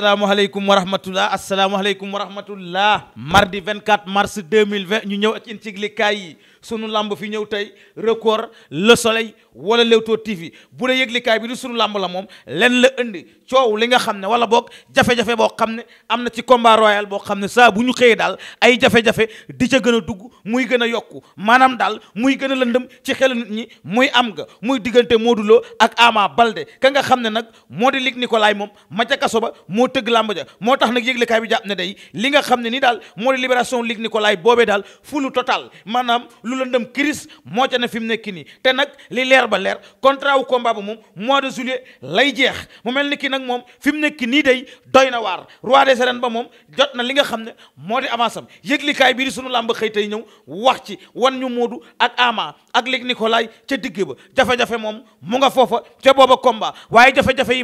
asalaamaaleykum wa rahmatullah asalaamaaleykum wa rahmatullah mardi 24 mars 2020 ñu ñëw ak yéen ci sunu lamb fi ñëw tey record le soleil wala Leewtoo TV bu dee yëglikaay bi du sunu làmb la moom len la indi coow li nga xam ne wala boog jafe-jafe boo xam ne am na ci combat royal boo xam ne saa bu ñu xëyee daal ay jafe-jafe di ca gën a dugg muy gën a yokku maanaam daal muy gën a lëndëm ci xelu nit ñi muy am nga muy diggante Modou Lo ak Ama Balde ka nga xam ne nag moo di Luc Nicolaï moom ma ca kaso ba moo tëgg làmb ja moo tax nag yëglikaay bi jàpp ne day li nga xam ne nii daal moo di libération Luc Nicolaï boobee daal fulu total maanaam lu lëndëm moo fi mu nekk nii leer ba leer contrat wu combat ba moom mois de juillet lay jeex mu mel ni ki nag moom fi mu nii day doy na waar roi des arènes ba moom jot na li nga xam ne moo di avance am yëglikaay bii di sunu làmb xëy tey ñëw wax ci wan ñu Modou ak Ama ak Luc Nicolaï ca digg ba jafe-jafe moom mu nga foofa ca booba combat waaye jafe-jafe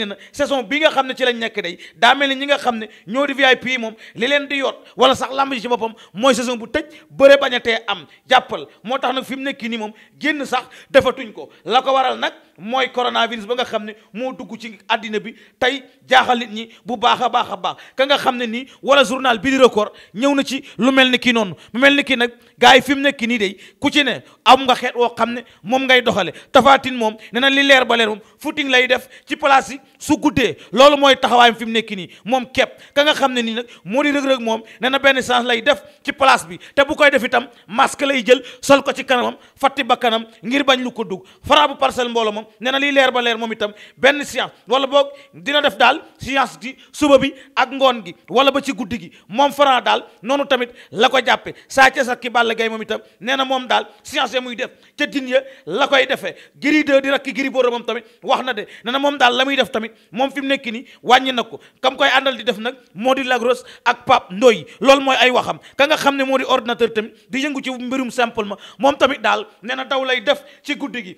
na saison bi nga xam ne ci lañ nekk day daa mel ni ñi nga xam ne ñoo di VIP moom li leen di yoot wala sax làmb ji ci boppam mooy saison bu tëj bëre bañ a tee am jàppal moo tax nag fi mu nekk nii moom génn sax defatuñ ko la ko waral nag mooy coronavirus ba nga xam ne moo dugg ci àddina bi tey jaaxal nit ñi bu baax a baax a baax ka nga xam ne nii wala journal bi di record ñëw na ci lu mel ni kii noonu mu mel ni kii nag gars yi fi mu nekk nii day ku ci ne am nga xeet woo xam ne moom ngay doxale tafaatin moom nee na li leer ba leer moom footing lay def ci place yi su guddee loolu mooy taxawaayam fi mu nekk nii moom képp ka nga xam ne nii nag moo di rëg-rëg moom nee na benn chance lay def ci place bi te bu koy def itam masque lay jël sol ko ci kanamam fatti ba kanam ngir bañ lu ko dugg fara bu parcelle mbooloo moom nee na lii leer ba leer moom itam benn science wala boog dina def daal science gi suba bi ak ngoon gi wala ba ci guddi gi moom Franc daal noonu tamit la ko jàppe saa ca ki Balla gay moom itam nee na moom daal science ya muy def ca ya la koy defee giri de di rakki giri boora moom tamit wax na de nee na moom daal la muy def tamit moom fi mu nekk nii wàññi na ko kam koy àndal di def nag moo di lagros ak Pape Ndoye loolu mooy ay waxam ka nga xam ne moo di ordinateur tamit di yëngu ci mbirum simplement moom tamit daal nee na daw lay def ci guddi gi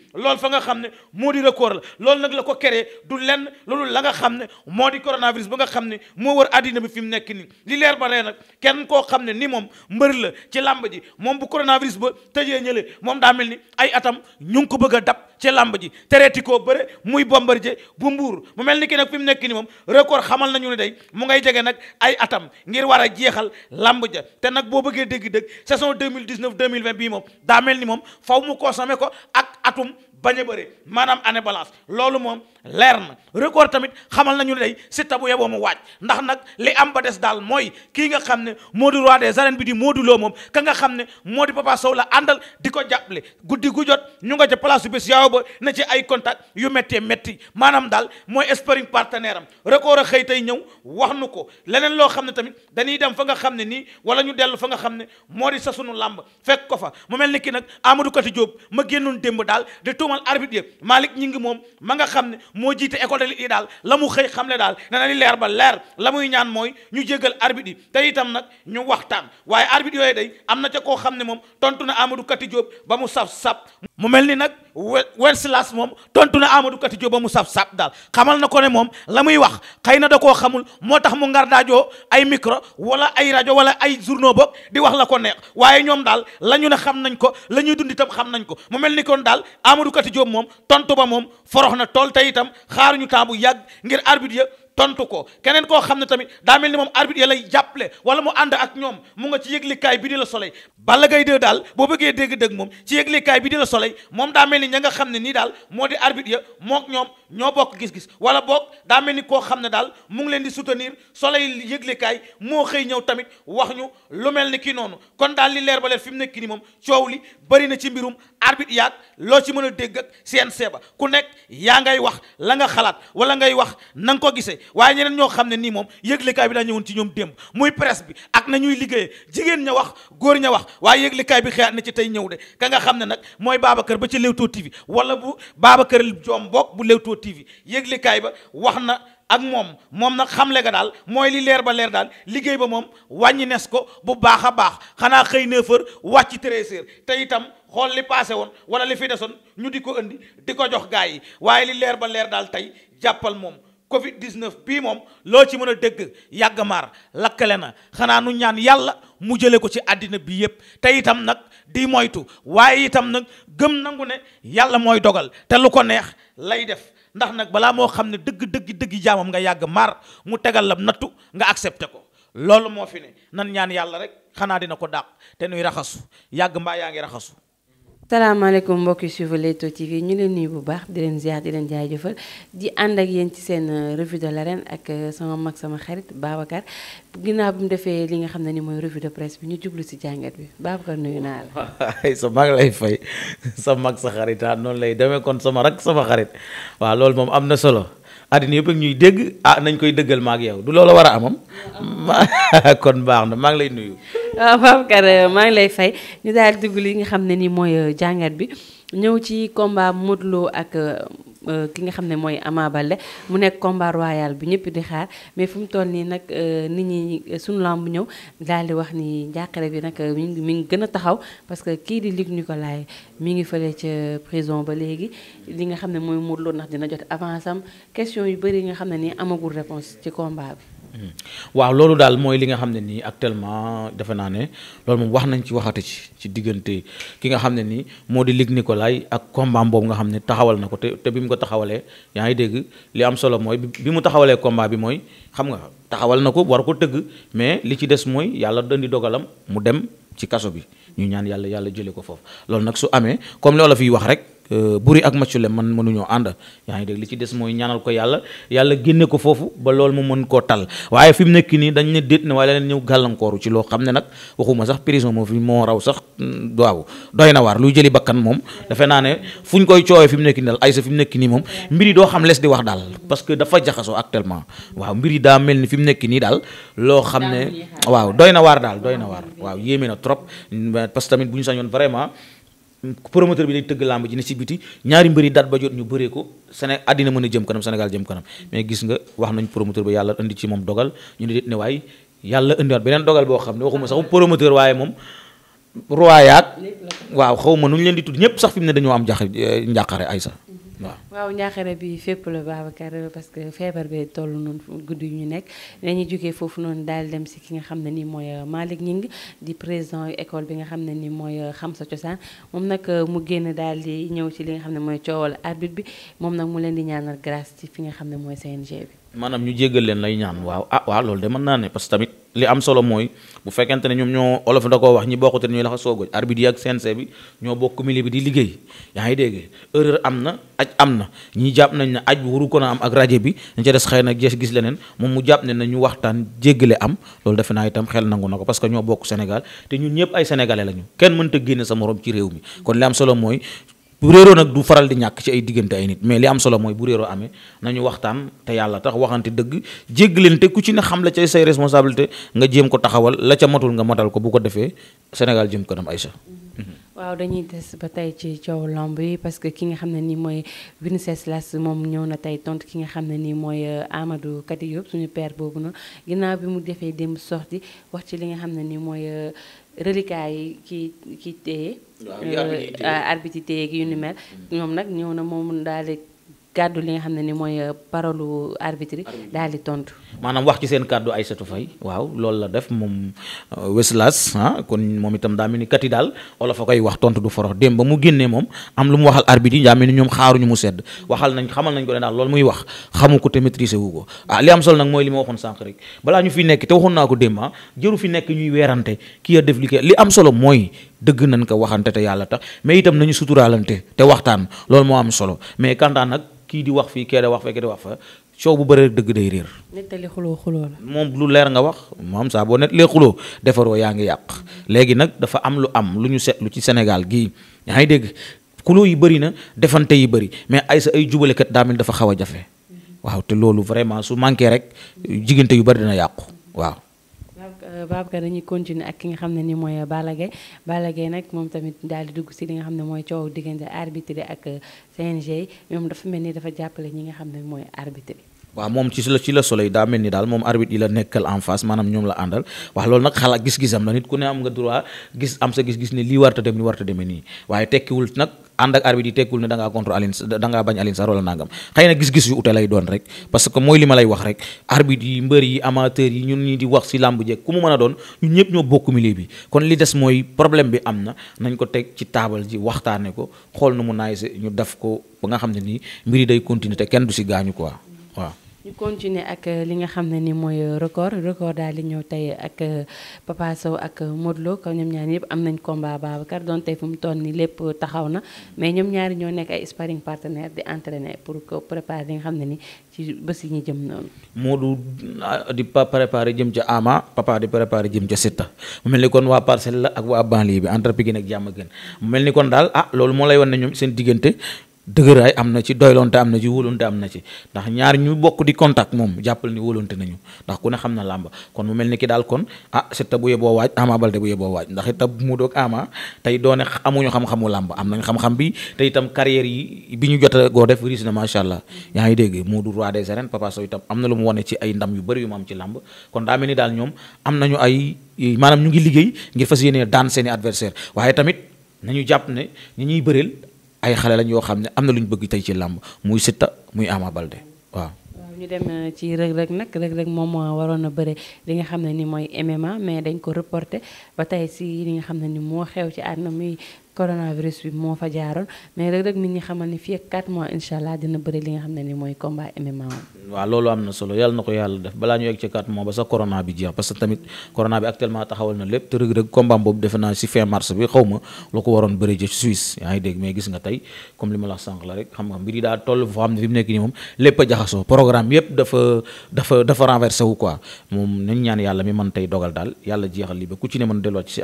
moo di record la loolu nag la ko keree du lenn loolu la nga xam ne moo di coronavirus ba nga xam ne moo wër àddina bi fi mu nekk nii li leer ba ree nag kenn koo xam ne ni moom mbër la ci làmb ji moom bu coronavirus ba tëjee ñële moom daa mel ni ay atam ñu ko bëgg a dab ci làmb ji tereeti koo bëre muy bombardier bu mbuur mu mel ni ki nag fi mu nekk ni moom record xamal nañu ne day mu ngay jege nag ay atam ngir war a jeexal làmb ja te nag boo bëggee dégg-dëgg saison 2019 2020 bii moom daa mel ni moom faw mu ko ak atum bañ a bëre maanaam année balance loolu moom leer na record tamit xamal nañu ne day Siteu bu yeboo mu waaj ndax nag li am ba des daal mooy kii nga xam ne moo di roi des arènes bi di Modou moom ka nga xam ne moo di Papa Sow la àndal di ko jàppale guddi gu jot ñu nga ca place su bés na ci ay contact yu méttee métti maanaam daal mooy sparring partenaire am record xëy tey ñëw wax nu ko leneen loo xam ne tamit dañuy dem fa nga xam ne nii wala ñu dellu fa nga xam ne moo di sa sunu làmb fekk ko fa mu mel ni kii nag Amadou Kati Diop ma génnoon démb daal di tuuma xamal arbitre yi Malick ñi moom ma nga xam ne moo jiite école de yi daal la mu xëy xam le daal ne na li leer ba leer la muy ñaan mooy ñu jéggal arbitre yi te itam nag ñu waxtaan waaye arbitre yooyu day am na ca koo xam ne moom tontu na Amadou Kati Diop ba mu saf sap mu mel ni nag Wenceslas moom tontu na amadu Kati Diop ba mu sap sap daal xamal na ko ne moom la muy wax xëy na da koo xamul moo tax mu ngar daajoo ay micro wala ay rajo wala ay journaux bopp di wax la ko neex waaye ñoom daal la ñu ne xam nañ ko la ñuy dund itam xam nañ ko mu mel ni kon daal Amadou Kati Diop moom tontu ba moom forox na tool tey itam xaaruñu temps bu yàgg ngir arbitre ya tontu ko keneen koo xam ne tamit daa mel ni moom arbitre ya lay jàppale wala mu ànd ak ñoom mu nga ci yëglikaay bi di la soleil bala Gaye 2 daal boo bëggee dégg dëgg moom ci yëglikaay bi di la soleil moom daa mel ni ña nga xam ne nii daal moo di arbitre ya mook ñoom ñoo bokk gis-gis wala boog daa mel ni koo xam ne daal mu ngi leen di soutenir soleil yëglikaay moo xëy ñëw tamit wax ñu lu mel ni kii noonu kon daal li leer ba leer fi mu nekk ni moom coow li bëri na ci mbirum arbitre yaag loo ci mën a dégga ak CNG ku nekk yaa ngay wax la nga xalaat wala ngay wax na nga ko gisee waaye ñeneen ñoo xam ne nii moom yëglekaay bi daa ñëwoon ci ñoom démb muy presse bi ak na ñuy liggéeyee jigéen ña wax góor ña wax waaye yëglekaay bi xëyaat na ci tey ñëw de ka nga xam ne nag mooy baaba kër ba ci Leewtoo TV wala bu Babacar Diome bokk bu Leewtoo TV yëglekaay ba wax na ak moom moom nag xamle ko daal mooy li leer ba leer daal liggéey ba moom wàññi nes ko bu baax a baax xanaa xëy neuf heures wàcc treize heures te itam xool li paase woon wala li fi desoon ñu di ko indi di ko jox gaa yi waaye li leer ba leer daal tey jàppal moom covid 19 bii moom loo ci mën a dégg yàgg lakkale na xanaa nu ñaan yàlla mu jële ko ci àddina bi yépp te itam nag di moytu waaye itam nag gëm nangu ne yàlla mooy dogal te lu ko neex lay def ndax nag balaa moo xam ne dëgg dëgg dëgg jaamam nga yàgg maar mu tegal la nattu nga accepté ko loolu moo fi ne nan ñaan yàlla rek xanaa dina ko dàq te nuy raxasu yàgg mbaa yaa ngi raxasu salaamaaleykum mbokk yi suivre Leewtoo TV ñu leen nii bu baax di leen ziar di leen jëfal di ànd ak yéen ci seen euh, revue de l'arène ak euh, sama mag sama xarit Babacar ginnaaw bi mu defee li nga xam ne ni mooy revue de presse bi ñu jublu si jàngat bi Babacar nuyu naa la. sa mag lay fay sa mag sa xarit ah noonu lay demee kon sama rak sama xarit waaw loolu moom am na solo. àddina yëpp ak ñuy dégg ah nañ koy dëggal ma ak yow du loola war a amam kon baax na maa ngi lay nuyu waaw ah, Babacar euh, maa ngi lay fay ñu daal dugg li nga xam ne ni mooy euh, jàngat bi ñëw ci combat Modou Lo ak euh, Euh, ki nga xam ne mooy Ama Baldé mu nekk combat royal bi ñëpp di xaar mais fu mu toll nii nag euh, nit ñi suñu lamb ñëw daal wax ni njàqare bi nag euh, mi ngi mi ngi gën a taxaw parce que kii di ko Nicolaï mi ngi fële ca prison ba léegi li nga xam ne mooy Modou Lo ndax dina jot avance am question yu bëri yi nga xam ne nii amagul réponse ci combat bi. waaw loolu daal mooy li nga xam ne nii actuellement defe naa ne loolu moom wax nañ ci waxati ci ci diggante ki nga xam ne nii moo di Luc Nicolaï ak combat boobu nga xam ne taxawal na ko te te bi mu ko taxawalee yaa ngi dégg li am solo mooy bi mu taxawalee combat bi mooy xam nga taxawal na ko war a ko tëgg mais li ci des mooy yàlla dandi dogalam mu dem ci kaso bi ñu ñaan yàlla yàlla jëlee ko foofu loolu nag su amee comme li olof yi wax rek. Euh, Boury ak Mathieu Lem man mënuñoo ànd yaa ngi dégg li ci des mooy ñaanal ko yàlla yàlla génne ko foofu ba loolu mu mën koo tal waaye fi mu nekk nii dañ ne déet fi mm, na waar luy jëli bakkan moom defe naa ne fu ñu koy coowee fi mu nekk nii daal ay sa nekk nii moom mbir yi doo xam les di wax daal parce dafa jaxasoo actuellement waaw mbir yi daa mel ni fi nekk nii daal loo xam ne waaw doy na waar daal doy na waar waaw yéeme na trop parce que tamit bu ñu sañoon vraiment promoteur bi day tëgg làmb ji ne si biti ñaari mbëri dat ba jot ñu bëree ko Séné àddina mën a jëm kanam Sénégal jëm kanam mais gis nga wax nañ promoteur bi yàlla indi ci moom dogal ñu ne déet ne waaye yàlla indiwaat beneen dogal boo xam ne waxuma sax promoteur waaye moom royaat waaw xaw ma nu ñu leen di tudd ñëpp sax fi mu ne dañoo am jax njàqare ay sax waaw waaw njaaxare bi fépp la Babacar parce que feebar bi toll noonu guddi yu ñu nekk ñu jógee foofu noonu daal dem si ki nga xam ne nii mooy euh, Malick Gningue di président école bi nga xam ne nii mooy xam euh, sa cosaan moom nag euh, mu génn daal di ñëw ci li nga xam ne mooy coowal arbitre bi moom nag mu leen di ñaanal grâce ci fi nga xam ne mooy CNG bi. maanaam ñu jéggal leen lay ñaan waaw ah waaw loolu de mën naa ne parce que tamit li am solo mooy bu fekkente ne ñoom ñoo olof da koo wax ñi bokkute ñuy laxa soogoj arbitre bokk milieu bi di liggéey yaa ngi dégg am na aj am na ñi jàpp nañ ne aj waru ko am ak rajo bi ñu ca des na gis gis leneen moom mu jàpp ne nañu waxtaan jéggale am loolu defe naa itam xel nangu na ko parce que ñoo bokk Sénégal te ñun ñëpp ay sénégalais lañu kenn mënta génne sa moroom ci réew mi kon li am solo mooy bu réeroo nag du faral di ñàkk ci ay diggante ay nit mais li am solo mooy bu réeroo amee nañu waxtaan te yàlla tax waxante dëgg jéggalante ku ci ne xam la ca say responsabilité nga jéem ko taxawal la ca matul nga matal ko bu ko defee Sénégal jëm kanam Aïcha waaw dañuy des ba tey ci coow lamb yi parce que ki nga xam ne nii mooy Wenceslas moom ñëw na tey tontu ki nga xam ne nii mooy euh, Amadou Kati Diop suñu père boobu noonu ginnaaw bi mu defee dem sorti wax ci li nga xam ne nii mooy euh, reliquats yi kii kii téye euh, arbitre yi téye yu ni mel mm-hmm. ñoom nag ñëw na moom daal kàddu li nga xam ne ni mooy euh, parolu arbitre daal di tontu. maanaam wax ci seen kàddu ay Aïssatou fay waaw loolu la def moom euh, Weslas ah kon moom itam daa mel ni kat yi daal wala fa koy wax tontu du forox démb mu génnee moom am lu mu waxal arbitre yi daa mel ni ñoom xaaruñu mu sedd waxal nañ xamal nañ ko ne daal loolu muy wax xamu ko te maîtriser wu ko ah li am solo nag mooy li ma waxoon sànq balaa ñu fi nekk te waxoon naa ko démb ah jëru fi nekk ñuy weerante ki a def li li am solo mooy dëgg nañ ko waxante te yàlla tax mais itam nañu suturaalante te waxtaan loolu moo am solo mais kantaan nag kii di wax fii kee di wax fekke di wax fa coow bu bëree dëgg day réer. nettali xuloo moom lu leer nga wax moom saaboo boo nettalee xuloo defaroo yaa ngi yàq léegi nag dafa am lu am lu ñu seetlu ci Sénégal gii yaa ngi dégg xuloo yi bëri na defante yi bëri mais ay sa ay jubalekat daa mel dafa xaw a jafe waaw te loolu vraiment su manqué rek jigéente yu bëri dina yàqu Babacar dañuy continuer ak ki nga xam ne ni mooy Balla Gaye Balla Gaye nag moom tamit daal dugg si li nga xam ne mooy coow diggante arbitre ak CNG ñoom dafa mel ni dafa jàppale ñi nga xam ne mooy arbitre bi moom ci la ci la solo yi daa mel ni daal moom arbitre yi la nekkal en face maanaam ñoom la àndal wax loolu nag xalaat gis-gisam la nit ku ne am nga droit gis am sa gis-gis ni lii warta dem ni warta demee nii waaye tekkiwul nag ànd ak arbitre yi tekkul ne da ngaa contre Alioune da ngaa bañ Alioune Sarr wala nangam xëy na gis-gis yu ute lay doon rek parce que mooy li lay wax rek arbitre yi mbër yi amateur yi ñun ñi di wax si làmb jeeg ku mu mën a doon ñun ñëpp ñoo bokk milieu bi kon li des mooy problème bi am na nañ ko teg ci taabal ji waxtaane ko xool na mu naay ñu def ko ba nga xam ne nii mbir yi day continuer te kenn du si gaañu quoi waaw ñu continuer ak euh, li nga xam ne ni mooy euh, record record daal di ñëw tey ak euh, Papa Sow ak Modou Lo kaw ñoom yëpp am nañ combat Babacar doon tey fu mu toll nii lépp taxaw na mais ñoom ñaari ñoo nekk ay sparring partenaire di entraîner pour que préparer li nga xam ne ni ci bés yi ñu jëm noonu. du ah, di préparer jëm ca Ama Papa di préparer jëm ca Siteu mu mel ni kon waa parcelle la ak waa banlieue bi entre Pikine ak Diamaguène mu mel ni kon daal ah loolu moo lay wan ne ñoom seen diggante. dëgëraay am na ci doylonte am na ci wóolonte am na ci ndax ñaar ñu bokk di contact moom jàppal ni wóolonte nañu ndax ku ne xam na làmb kon mu mel ni ki daal kon ah Siteu bu yeboo waaj Ama Baldé bu yeboo waaj ndax itam mu doog Ama tey xam-xamu làmb am nañ xam bi te itam carrière yi bi ñu jot a goo def na macha allah yaa ngi dégg Modou roi des arènes Papa am na lu mu wane ci ay yu bëri yu mu am ci làmb kon daa mel ni daal ñoom am nañu ay maanaam ñu ngi liggéey ngir fas yéene daan seeni adversaire waaye tamit nañu jàpp ne ñi ñuy bëreel ay xale lañ yoo xam ne am na lu ñu bëgg tey ci làmb muy Siteu muy Ama Baldé waaw. ñu dem euh, ci Reug Reug nag Reug Reug moom moo euh, waroon a bëre li nga xam ne ni mooy MMA mais dañ ko reporté ba tey si li nga xam ne ni moo xew ci àdduna muy coronavirus bi moo fa jaaroon mais Reug Reug mi ngi xamal ni fii ak mois incha dina bëri li nga xam ne ni mooy combat MMA woon. waaw loolu am na solo yàlla na ko yàlla def balaa ñu yegg ci 4 mois ba sa corona bi jeex parce que tamit corona bi actuellement taxawal na lépp te Reug Reug combat boobu defe naa si fin mars bi xaw ma lu ko waroon bëri Suisse yaa dégg mais gis nga tey comme li ma la sànq la rek xam nga mbir yi daa toll foo xam ne fi mu nekk a dafa dafa wu quoi moom nañ ñaan yàlla mi mën tey dogal daal yàlla jeexal li ba ku ci ne mën delluwaat ci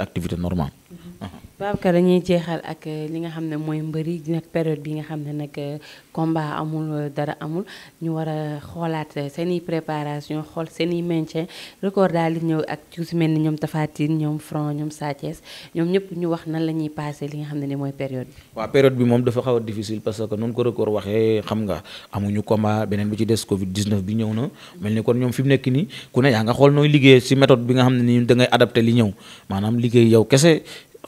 Babacar dañuy jeexal ak euh, li nga xam ne mooy mbëri nag période bi nga xam ne nag euh, combat amul euh, dara amul ñu war a xoolaat seen i préparation xool seen i maintien record daal li ñëw ak ci mel ni ñoom Tapha Tine ñoom Franc ñoom Sa Thiès ñëpp ñu wax nan la ñuy li nga xam ne mooy période bi. waaw période bi moom dafa xaw a difficile parce que noonu ko record waxee xam nga amuñu combat beneen bi ci des Covid 19 bi ñëw na mel ni kon ñoom fi mu nekk nii ku ne yaa nga xool nooy liggéey si méthode bi nga xam ne nii da ngay adapté li ñëw maanaam liggéey yow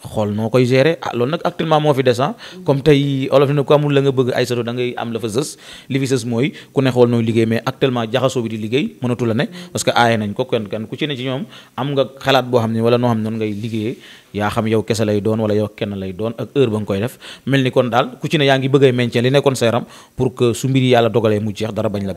xool noo koy gérer ah loolu nag actuellement moo fi des ah. comme tey olof na ko nga bëgg ay sato da am la fa sës li fi sës mooy ku ne xool nooy liggéey mais actuellement jaxasoo bi di liggéey mënatu la ne parce que nañ ko kenn ku ci ne ci ñoom am nga xalaat boo xam ne wala noo xam ne noonu ngay liggéeyee yaa xam yow kese lay doon wala yow kenn lay doon ak heure ba nga koy def mel ni kon daal ku ci ne yaa ngi bëgg a maintien li nekkoon sa yaram pour que su mbir yi yàlla dogalee mu jeex dara bañ la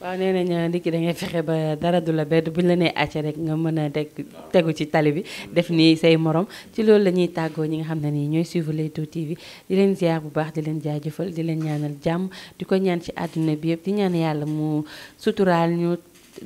waaw nee nañ nit ki fexe ba dara du la bedd buñ la nee àcce rek nga mën a teg tegu ci tali bi def nii say morom ci loolu la ñuy tàggoo ñi nga xam ne nii ñooy suivre Leewtoo bi di leen ziar bu baax di leen jaajëfal di leen ñaanal jàmm di ko ñaan ci àddina bi yëpp di ñaan yàlla mu suturaal ñu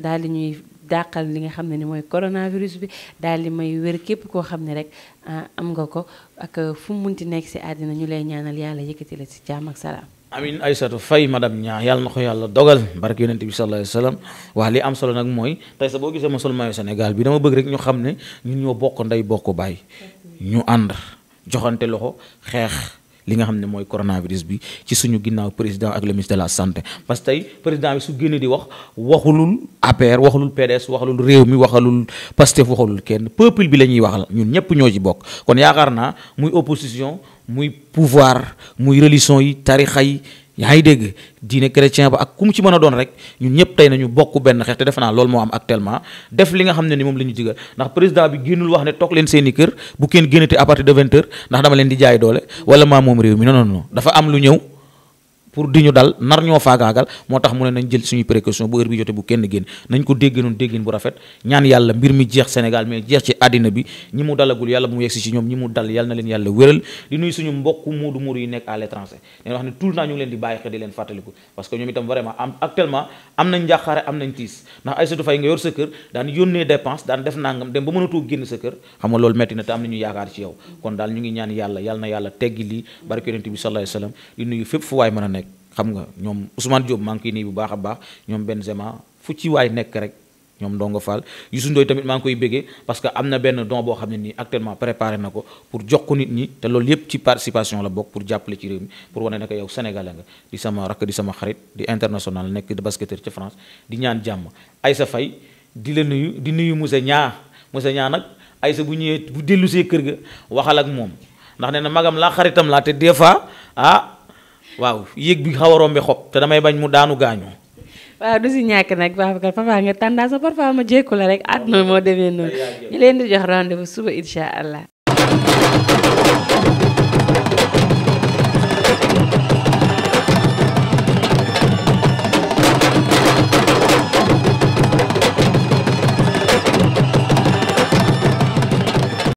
daal di ñuy dàqal li nga xam ne ni mooy coronavirus bi daal di may wér képp koo xam ne rek ah, am nga ko ak fu mu munti nekk si àddina ñu lay ñaanal yàlla yëkkati la si jàmm ak salaam. amin Aysatu Fay madame ñaa yàlla na ko yàlla dogal barke yonente bi sallallahu alayhi wa sallam wax li am solo nag mooy tey sa boo gisee ma sol maayu Sénégal bi dama bëgg rek ñu xam ne ñu ñoo bokk ndey bokk baay ñu ànd joxante loxo xeex li nga xam ne mooy coronavirus bi ci suñu ginnaaw président ak le de la santé parce que président bi su génn di wax waxulul APR waxulul PDS waxulul réew mi waxalul Pastef waxalul kenn peuple bi la ñuy waxal ñun ñëpp ñoo ci bokk kon yaakaar naa muy opposition muy pouvoir muy religion yi tarixa yi yaa ngi dégg diine chrétien ba ak ku mu ci mën a doon rek ñun ñëpp tey nañu bokk benn xeex te defe naa loolu moo am actuellement def li nga xam ne ni moom la ñu digal ndax président bi génnul wax ne toog leen seen i kër bu kenn génnati à partir de vingt ndax dama leen di jaay doole wala maa moom réew mi non dafa am lu ñëw pour di ñu dal nar ñoo faagaagal moo tax mu ne nañ jël suñu précaution bu heure bi jote bu kenn génn nañ ko déggee noonu déggin bu rafet ñaan yàlla mbir mi jeex Sénégal mais jeex ci àddina bi ñi mu dalagul yàlla bu mu yegsi ci ñoom ñi mu dal yàlla na leen yàlla wéral di nuy suñu mbokk muudu muur yi nekk à l'étranger leen wax ne tout le ñu leen di bàyyi xel di leen fàttaliku parce que ñoom itam vraiment am actuellement am nañ njàqaare am nañu yaakaar xam nga ñoom Ousmane Diop maa ngi nii bu baax a baax ñoom Benzema fu ci waay nekk rek ñoom Ndongo Fall Youssou Ndoye tamit maa koy béggee parce que am na benn don boo xam ne nii actuellement préparé na ko pour jox ko nit ñi te loolu yépp ci participation la bokk pour jàppale ci réew mi pour wane ne que yow sénégalais nga di sama rakk di sama xarit di international nekk di ci France di ñaan jàmm Aïssa Faye di la nuyu di nuyu Moussa Ñaa Moussa Ñaa nag bu dellu see kër ga waxal ak moom waaw yéeg bi xaw bi rombi xob te damay bañ mu daanu gaañu waaw du si ñàkk nag Babacar papa nga tàndaa sa parfois ma jékku la rek àdduna moo demee noonu ñu leen di jox rendez-vous suba incha allah.